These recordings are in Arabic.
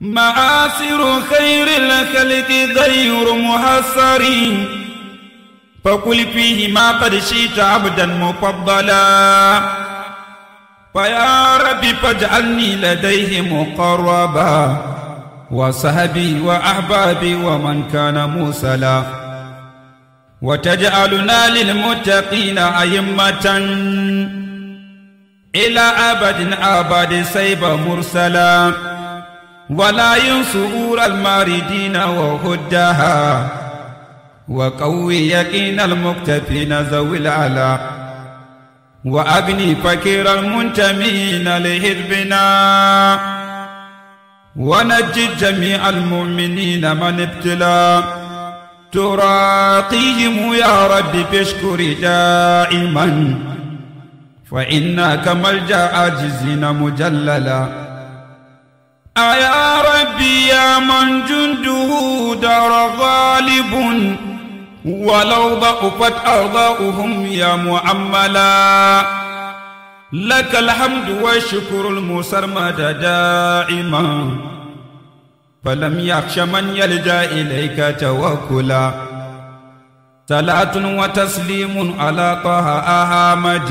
معاصر خير الخلق غير محصرين فقل فيه ما قد شئت عبدا مفضلا فيا رب فاجعلني لديه مقربا وصحبي وأحبابي ومن كان موسلا وتجعلنا للمتقين أئمة إلى أبد أبد سيب مرسلا ولا ينصر الماردين وهدها وقوي يقين المكتفين ذوي العلا وأبني فكير المنتمين لهربنا ونجي جميع المؤمنين من ابتلى تراقيهم يا رب بشكر دائما فإنك ملجأ عاجزين مجللا أيا ربي يا من جنده دار غالب ولو ضعفت أرضاؤهم يا مؤملا لك الحمد والشكر المسرمد دائما فلم يخش من يلجأ إليك توكلا صلاة وتسليم على طه أحمد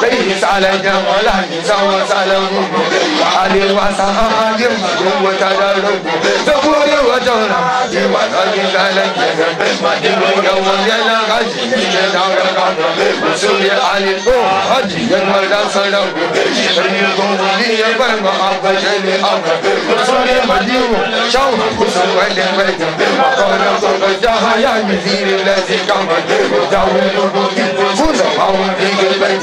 بيس على جماله زوز على علي وسعادم قوة الرب زبور وجرى جوال الرجال ما تبغي يوم يلا غزي دار القدر وسوري علي الأوحد ينمر صدر شرني قولي برما أبجل أمر وسوري مديو شو وسوري البيت وقال صدر جهايا مثير الذي كمل داوي الرب فوز أو في البيت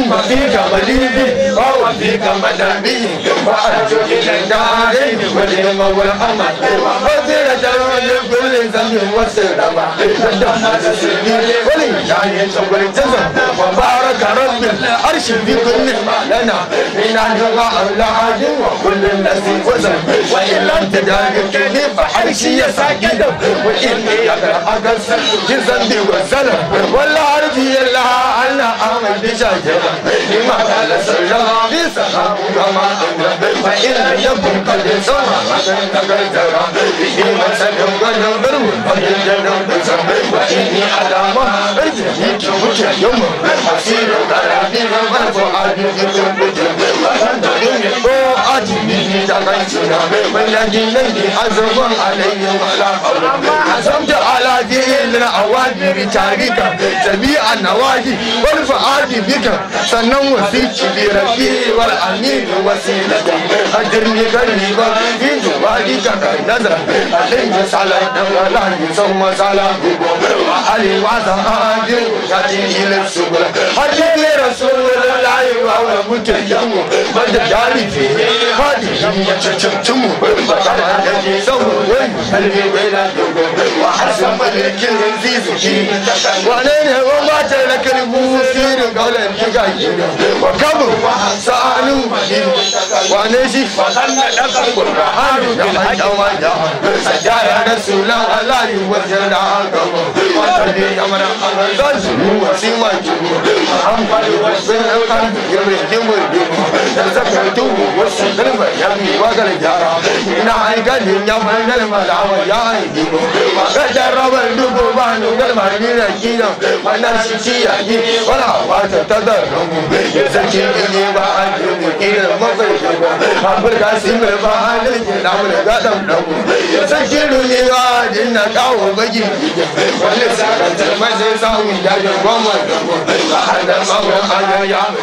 ثم فيك مليدي وهو فيك مدني وأرجو إلى الدار والهم والأمل وسيرة لكل ذنب وسلم ودخل سلمي ولله يشكر الجزم وبارك رب العرش في كل لنا من الله العاد وكل الذي وزن وإن لم تداركني فحرشي يساكن وإني أدرك الجزم بوزن والله أرضي الله عمل بشجرة لما على شجرة لسحر كما فإن يكن قد سمع حسن تكسر لما سلم قدر قد جنم بسر وإني على ما أجهد وجه يوم حسير تراثير مرفوعة بكتب بجر وأنت من فوقات به تغيسنا والذي الذي حزم عليه ولا حزمت على دين العوادي بتاريخه جميع النواهي والفوق الفؤاد بك سنن وفيك بربي والأمين وسيلة أجرني قريبا في جوارك كالنذر ألم يسعلي ولا يسوم سلام وعلي وسعاد يأتيه للسبل حجي رسول الله وهو متيم مجدالي فيه هذه يتشتم وقال هذه سوء الهي ولا وحسب غير كلمة زيزو وعنين وما تلك الموسير قال الحقايق وكبر سألو وعنيشي فظن لك القرآن بالحج ومجا سجارة رسول الله لا يوزن عقب وتبي أمر أمر وسيما محمد وسيم القلب يمر يمر تذكرته وسيم يمي وقل جارة إن عيقل يمر الملعب يا عيدي وقدر ربي dubu ba nu galma ni na gina wannan shi ci ya gi wala wata ta da rungu ya sarki ne ba a ji mu kira mazai shi ba ka si mai ba a ne ke na mu rungu ya sarki ne ba din na kawo bagi wani sa ka tarmai sai sa mu ya ba a da ma ga ya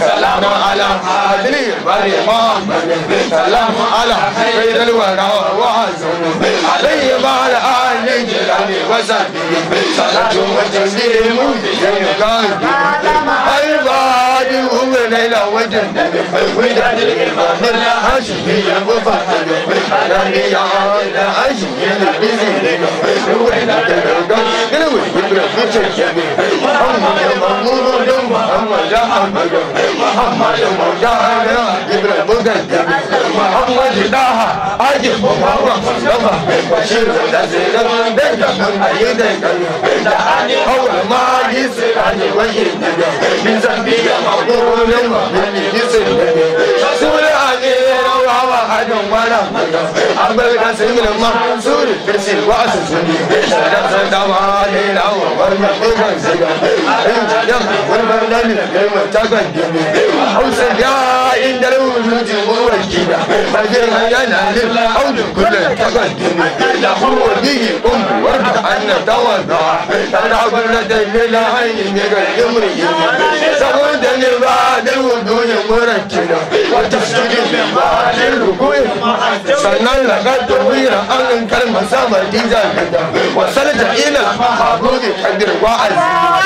سلام على هادي والإمام سلام على سيد الورى وعزم علي بعد الهادي وهو ليلى وجه النبي والولاد الإمام الهاشمية وفاطمة والحنانية عائلة عشمية بزينة والولاد الأردن والوالد مشيمة محمد المأمور محمد أحمد محمد المرجع جبر المقدم محمد داها عجب محمد مصطفى بشير الأسئلة بيتكم أيدك دعاني حول ما يسر عن وجهك من ذنبي يا i to go remember. Let me get it. وحد ولا مدر عبد الحسين المنصور تسل وعسس صدق علي الأول والمحبوب الزقر انت يم والبرنامج المتقدم حوصل يا عند الوجود والجدع فجرها ينال الحوض كل التقدم لحو به أم وارفع عنا توضع تلعب لدي العين نقل يمري سبودني بعد الوجود مركنا goye sannan lagar da wira an in kalmar sama dijar gada wasu da ila abu ne kadir wa'azi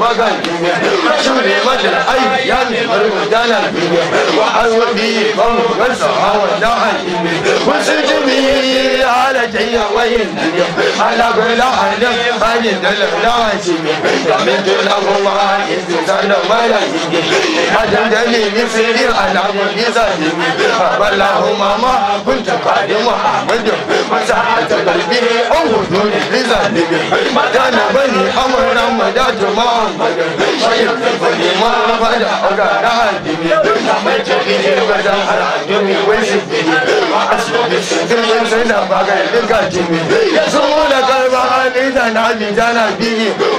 மகன் ரசூலிமன் ஐயன் மருதனன் وحودي فوق الصحراء النعيم وسج به على يعني جي وين على بلعن خالد الهلاسم رميت له عائد زن ملايم حددني مثل العب بزاهم فبلهما ما كنت قد محمد وسعة قلبي أوهد لزاهم مكان بني أمر مداد muhammadin shayin fani maraba da auga na hadimi mai jami'i ga dan al'adumi wai sifini a asibi sirrin sai na abijana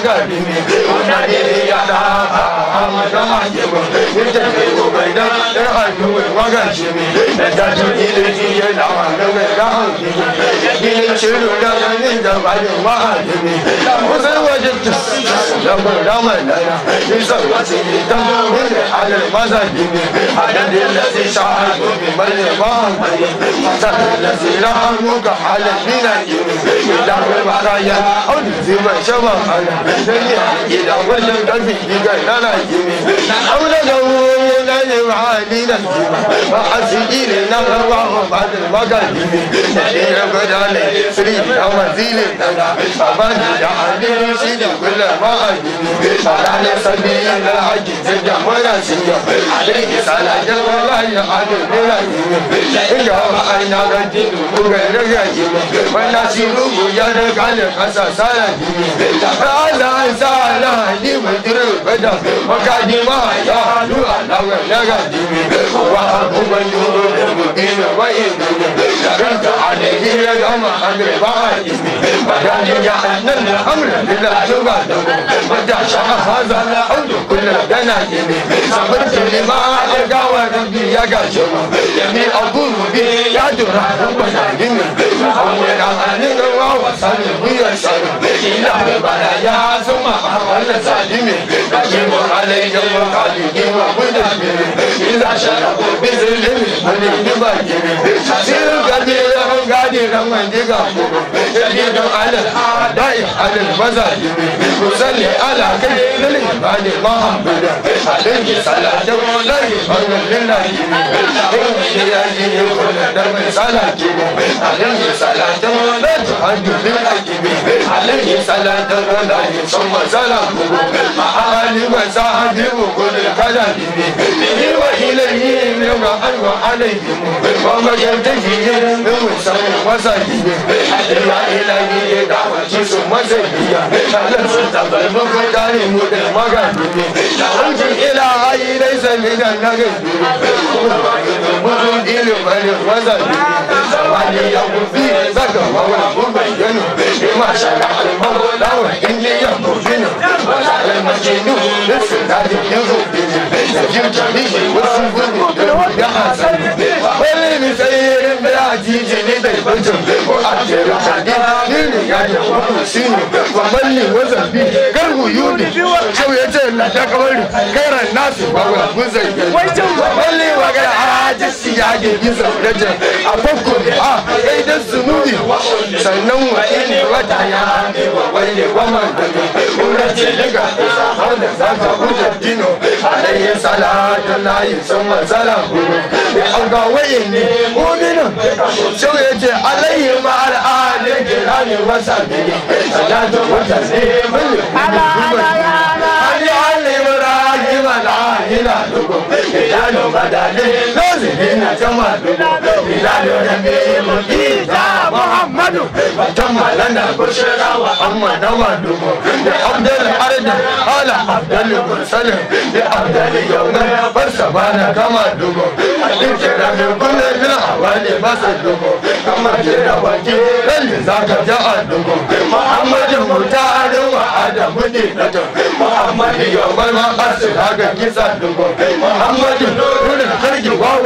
قلبي وناديه يا دابا الله يعجبه يجري وبين العدو وقشمي نجاته إليه العالم العظيم يجيل شنو لغني دبل وعالمي وفي وجدت لما رمنا يزوجني تمر على المزاجم عدد الذي شعر بمن الماضي حسن الذي رحمك على المناجم يدعم الحرايا أنزل شبهنا إذا ولد بك لنا أولى لنا لمعالينا فأسجلنا وعبد المقاديم سجل قدالي سرينا وزيلنا فبن جعلي سيد كل ما أجيب على سبيل العجيب جمعنا سيد عليه صلاة الله يا عالم يا يا أنا رجل وغير رجل ونسيبه يا رجال خساسان على زالاني مدربنا وقدما يا لوانا ونغد وأبو بنور المدين وإن رد عليه رقم أقربائي وكان يعلن الأمر بلا لغة ودع شخص هذا الحمد كل دنا صبرت لما ألقى وربي ya gajuma mi abun bi ya dura bana gimi amura ani ga wa wasani mi ya sharu ila bana ya suma wala salimi kajimu alayhi wa qalidi wa bidami ila sharabu bizilimi ani dibajimi sir gadir gadi ran wandiga shirye don alal adai alal mazaji salli ala kai lil ibadi mahammuda alaihi salatu wallahi barkan lillahi in ya ji ne kullum dar mai salati alaihi salatu wallahi hajju lil akibi alaihi salatu wallahi summa salamu ma'ali wa sahabi wa kullu kalami bihi wa إليهم يوقع وعليهم بالقوم يلتفيهم بالوسعين وزيهم بالحدية إليه دعوة جسم وزيهم أهلا سلطة بالمقدار مدر مغربي دعوة إلى عي ليس من النغيب بالقوم إليه وزيهم زماني يوم فيه ذكر والمبين بما شرح المولى وإني يمكن وزعل المجنون لسنا دي يزوبي I'm wasu zubin da ya hasa ne wani ne sai sinu kwamalli wazambi gargu yudi shau ya ce lada kamari kairan nasu wawa guzai kwamalli wagara haji siyage gizo rajar a fakko a ɗaidan zunubi sannan wa ini wata ya wa waye ne daga wurace daga wanda za ka wuce dino alayhi salatu layi sun matsala gudu ya auga waye ne uminu shau ya ce alayhi ma'al'adin kirani wasa ne. salatu wa ala ala ya ala ali ali ibrahim ala ilahukum zubina jama dubu bilal rabi mujita muhammadu jama lana bushra wa amma nawa dubu da abdul arda ala abdul mursalin da abdul yawman farsabana kama dubu ikira min kullu min hawali masa dubu kama jira wake lalle zaka ja'a dubu muhammadu mutarin wa adamu ne nato muhammadu yawman ma asira ga kisa muhammadu nurin hargi wawa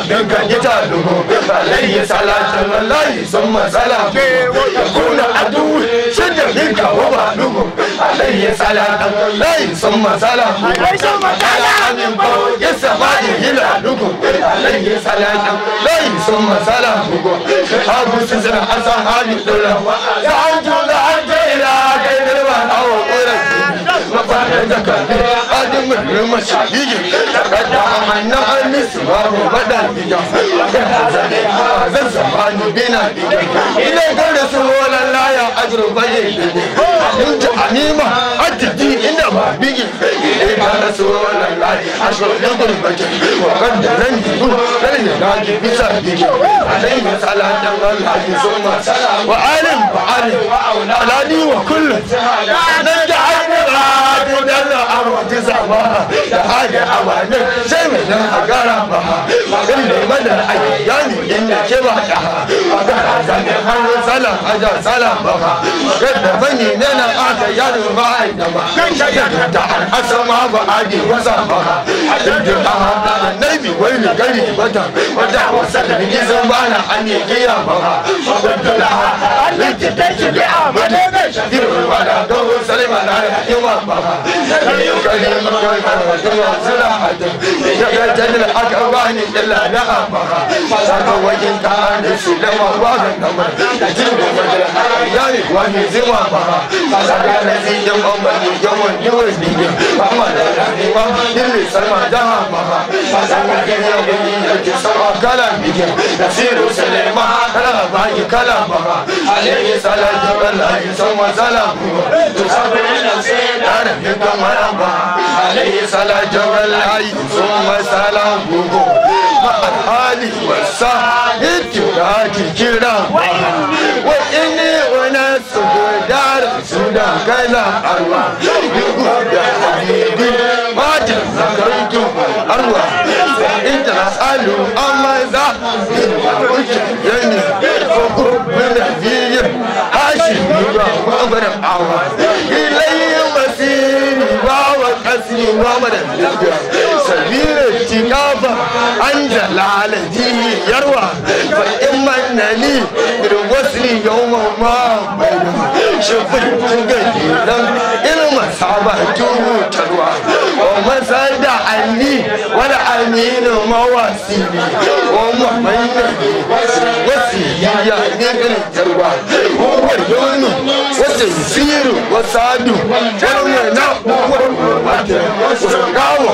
dinka gita dubu alayhi salatu wallahi sun matsala ya kuna adu shidda dinka wa dubu alayhi salatu wallahi sun matsala sun matsala amin bawo ya sama da hila dubu alayhi salatu wallahi sun matsala dubu abu sun zira asa hali dora fara daga adin murmur shahidi da amanna zama ajiro anima atiki inda ba bigi ina da su holan ajiro wa kan da zan yi bisa wa wa mu dalla a wata zama da hada a wani sai mu dan a gara ba magan ne mana a yani inda ke ba da a gara zanen hannun salam a da salam ba ba magan da bane ne na aka yaro ba a yi da ba shagar da al'asar ma ba a ne wasa ba a ha a hada annabi wai ne gari bata wata wasa da ba na an ne ya ba ba magan da ha Allah ki tashi da amana da shagirin wada don salima na yakin ba ba يقيم كيف سلاحته يقتل الحق واني الا نأمره سقوي تاني سلم وراغ النمر تجيب مثل حياني واني زمامره سقال زيد ممني يوم يوزني محمد الحميم اللي سلم دهامره سقال يوم يجسر كلامي نسير سليمان كلام باي كلام عليه سلام الله يسوى سلامه تسبح النسيم kan maraba alayhi salatu wal hayy summa salam gugo ma alhali wasa itu da kira wa inni unasu gudar suda kaza arwa yugo da habibi mata zakaitu arwa inta nasalu amma za yani fa kubbi hashim yugo wa bara awa النبي محمد سبيل التقاف أنزل على ديه يروى فإما أنني بالغسل يوم ما بين شفت قديما إلما صعبته تروى وما زاد عني ولا أمين مواسيلي ومحمد وسيلي يعني تروى هو يوم sihiru wasadu wani waina kawo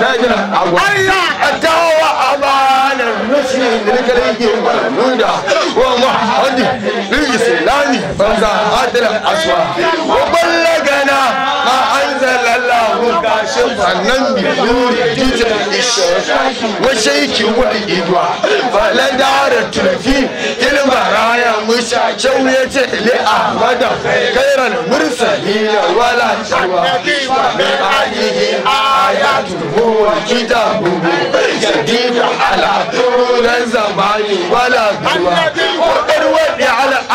najira ariya a tawa amanar nushi da nika rage nuna wa a lil islami banza adala aswa wa ballagana Sheba Nandi Lori Gita Isha Washaiki Wadi Idwa Falandara Tulfi Ilmaraya ya ce Li Ahmada Kairan Mursalina Wala Jawa Min Alihi Ayatuhu Wa Kitabuhu Yadida Ala Turan Zamani Wala Jawa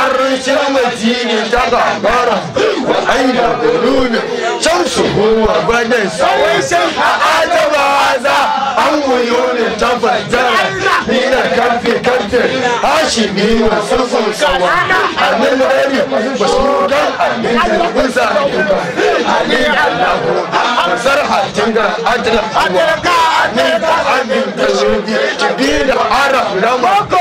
عرش مدينة تبعبرة وأين قلوب شمس هو بدن سويس أعاد وعزا عن عيون تفجرة من كف كف هاشمي وسفن سوا عن الغريب مسروقا من الغزة علي الله عن زرحة تنقى أدرك أدرك أدرك أدرك أدرك أدرك أدرك أدرك أدرك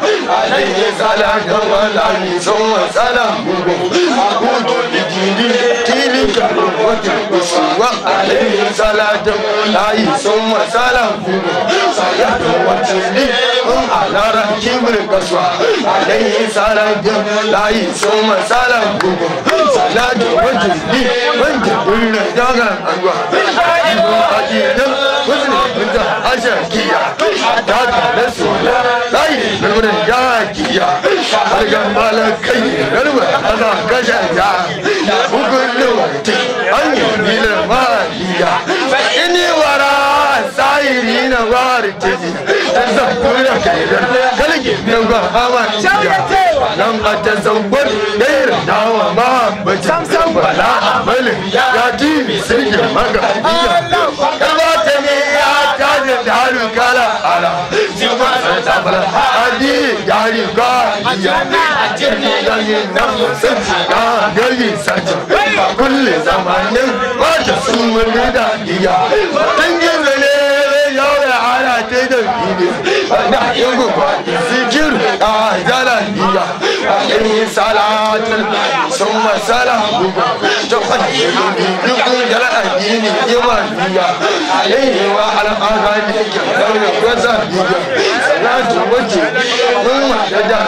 alayhi salatu wa alayhi salamu akutu lijini kili kalokote kusuwa alayhi salatu wa alayhi salamu sayatu wa chili alara kibri kaswa alayhi salatu wa alayhi salamu sayatu wa chili wanjibulna jaga angwa alayhi salatu wa alayhi salamu husni minta ashakiya ta tare sola layi birnin yakiya hargan malakai garba ana kashe ya hukunin wata hanyar nilin mahaliya ini wara sayiri na wari teji ta zakura kairar kalge na ba hawa jiya nan a ta zangon ɗayar dawa mahabbacin bala a malin ya ji mai sirgin magana jari kala ala jiwa sabar adi jari ka yana yayi nan da iya dan نحييكم الذكر أهدنا صلاة ثم سلام يقول الدين إيمانية عليه وعلى أهلك لو يقصد صلاة وجه ثم تدعي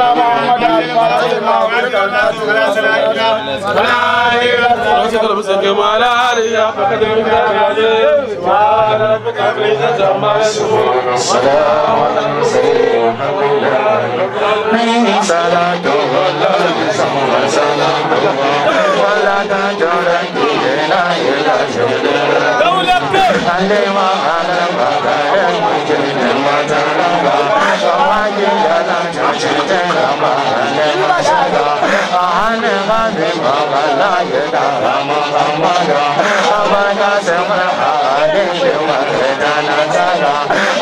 أن محمدا فاطمة والجنة ولا سلامنا ولا إله إلا الله مسلم على علي فقد من سبحان ربك رب العزة عما يصفون السلام على المرسلين والحمد لله رب العالمين صلاة الله وسلام ولا تجرد بنا إلا شهدنا علي وعلى 南无阿弥陀佛。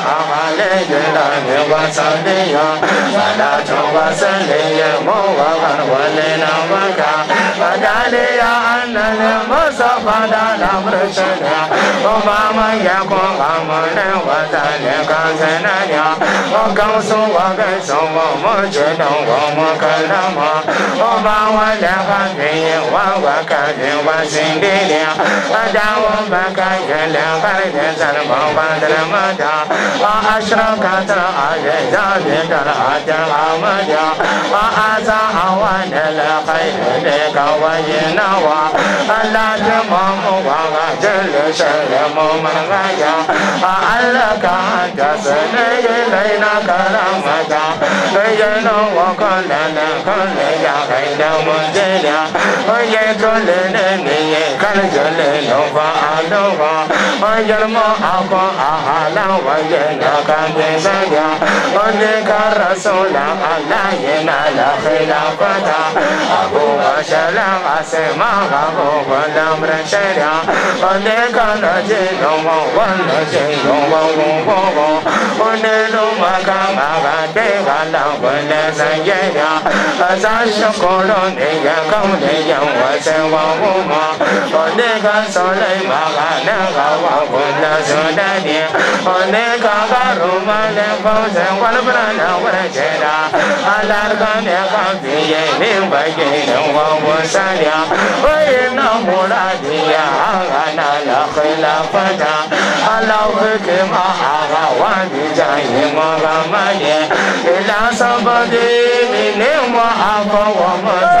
阿弥陀佛，慈悲呀！阿弥陀佛，慈悲呀！我发愿，我立下目标，我努力呀！我努力，我努力，我努力呀！我告诉我自己，我没觉得我没可能吗？我把我两个原因，我感觉我心里凉。家我们感恩，两百天才能过完的那么家。وأشرقت العجز ذكر أجر وجه وأسى أوان الخير بك وينوى ألا تمم وغجل سلم من غيا أعلك أن تصلي إلينا كرمك لين وكل كل يا خير منزلا ويكل نبي كالجلل فألوها Anjalmo ako ahala wayena kandesanya Oneka rasula ala yena la khilafata Abu Bashala asema abu balam rashaya Oneka najino wa wa najino wa wa wa wa 三十古罗尼呀，高尼呀，我在王五嘛，我那个手雷嘛，我那个王五那手雷的，我那个个鲁嘛那风筝，我那不能那我那接的，啊那个那个毕业明白一点，我我善良，我也那木拉的呀，啊那那黑拉发达，啊老黑的嘛啊我的。Jai Mohammed. Ila somebody, me name wa Abba Muhammad.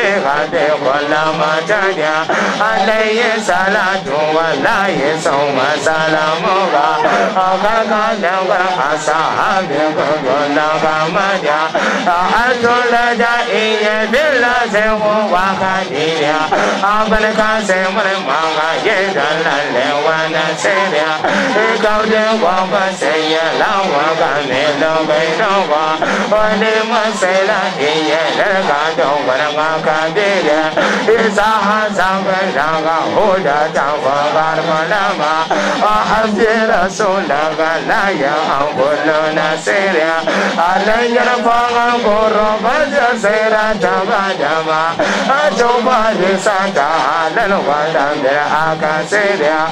غادي كل ما تدعى عليه صلاة والله ثم سلامك أخاك لك أصحاب كل غمد أحد لدائي بالله وخديع أبلك سمر ما غير الله 那是呀，高人我们谁也老我把你都没说我，我你们谁来你也是感动我的我看你的，一早喊上个上个呼着张我把我那么，我还别的送那个那样我那那谁呀，啊那也的放个鼓罗把这谁来张把张把，啊就把你三个那我当的阿卡谁呀。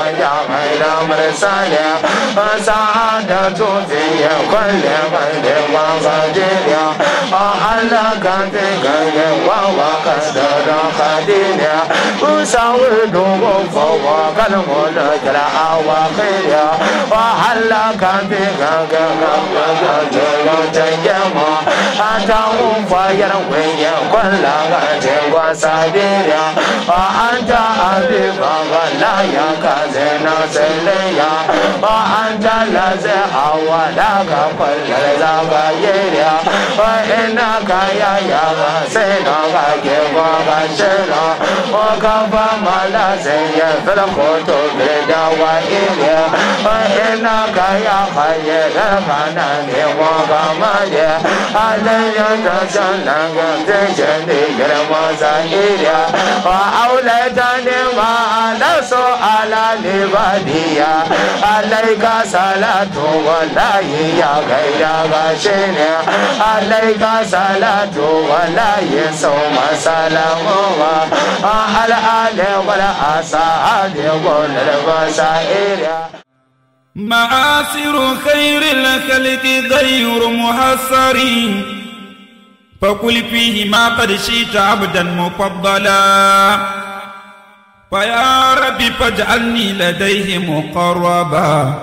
呀哎呀嘛的三呀，啊三呀竹子呀，快点快点往上进呀，啊安拉干的干的娃娃干的让干的呀，不上位中国佛我干的我这起来啊我嘿。la ka be ga ga ga ga ga ga ga ta ya ma a ta wu fa ga sa de ya a an ba ga la ya ya a an ta la ze a wa la ga kwa ga ka ya ga se na ga ge kwa ga na o ka ba ma ya fa la ko to be da Kaya Kaya Ramana Dewa Kamaya Alaya Dajana Gandhya Nigrama Zahirya Wa Aulata Nima Alaso Ala Nivadiya Alayka Salatu Wallahi Ya Gaya Gashina Alayka Salatu Wallahi Soma Salamuwa Al-Ale Wal-Asa'ale Wal-Basa'irya معاصر خير الخلق غير محصرين فقل ما قد شئت عبدا مفضلا فيا ربي فاجعلني لديه مقربا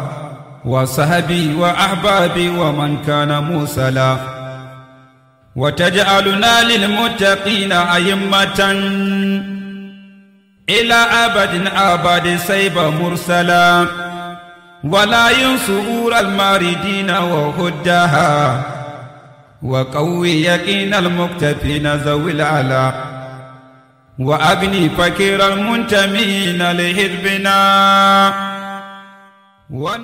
وصحبي وأحبابي ومن كان موسلا وتجعلنا للمتقين أئمة إلى أبد أبد سيب مرسلا ولا ينصر الماردين وهدها وقوي يقين المكتفين ذوي العلا وأبني فكر المنتمين لحزبنا